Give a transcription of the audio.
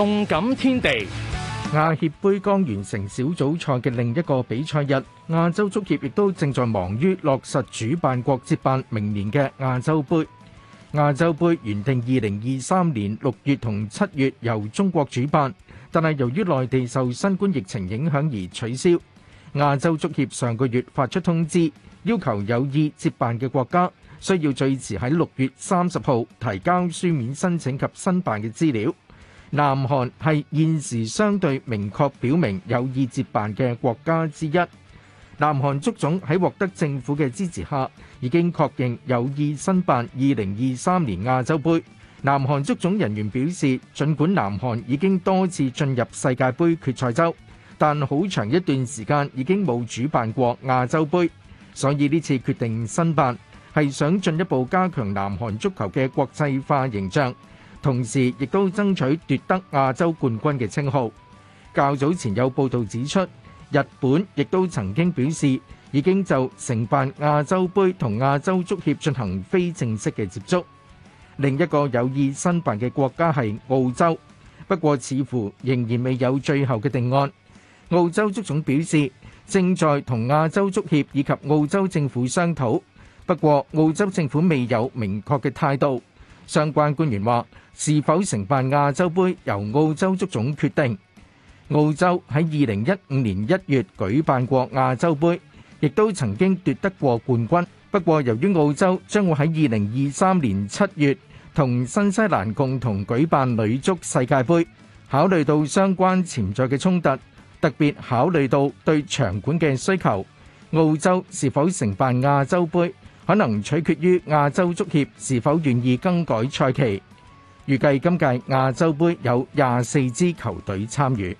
動感天地，亞協盃剛完成小組賽嘅另一個比賽日，亞洲足協亦都正在忙於落實主辦國接辦明年嘅亞洲盃。亞洲盃原定二零二三年六月同七月由中國主辦，但係由於內地受新冠疫情影響而取消。亞洲足協上個月發出通知，要求有意接辦嘅國家需要最遲喺六月三十號提交書面申請及申辦嘅資料。南韓係現時相對明確表明有意接辦嘅國家之一。南韓足總喺獲得政府嘅支持下，已經確認有意申辦二零二三年亞洲盃。南韓足總人員表示，儘管南韓已經多次進入世界盃決賽周，但好長一段時間已經冇主辦過亞洲盃，所以呢次決定申辦係想進一步加強南韓足球嘅國際化形象。同時亦都爭取奪得亞洲冠軍嘅稱號。較早前有報道指出，日本亦都曾經表示已經就承辦亞洲盃同亞洲足協進行非正式嘅接觸。另一個有意申辦嘅國家係澳洲，不過似乎仍然未有最後嘅定案。澳洲足總表示，正在同亞洲足協以及澳洲政府商討，不過澳洲政府未有明確嘅態度。相關官員話：是否承辦亞洲盃由澳洲足總決定。澳洲喺二零一五年一月舉辦過亞洲盃，亦都曾經奪得過冠軍。不過，由於澳洲將會喺二零二三年七月同新西蘭共同舉辦女足世界盃，考慮到相關潛在嘅衝突，特別考慮到對場館嘅需求，澳洲是否承辦亞洲盃，可能取決於亞洲足協是否願意更改賽期。預計今屆亞洲盃有廿四支球隊參與。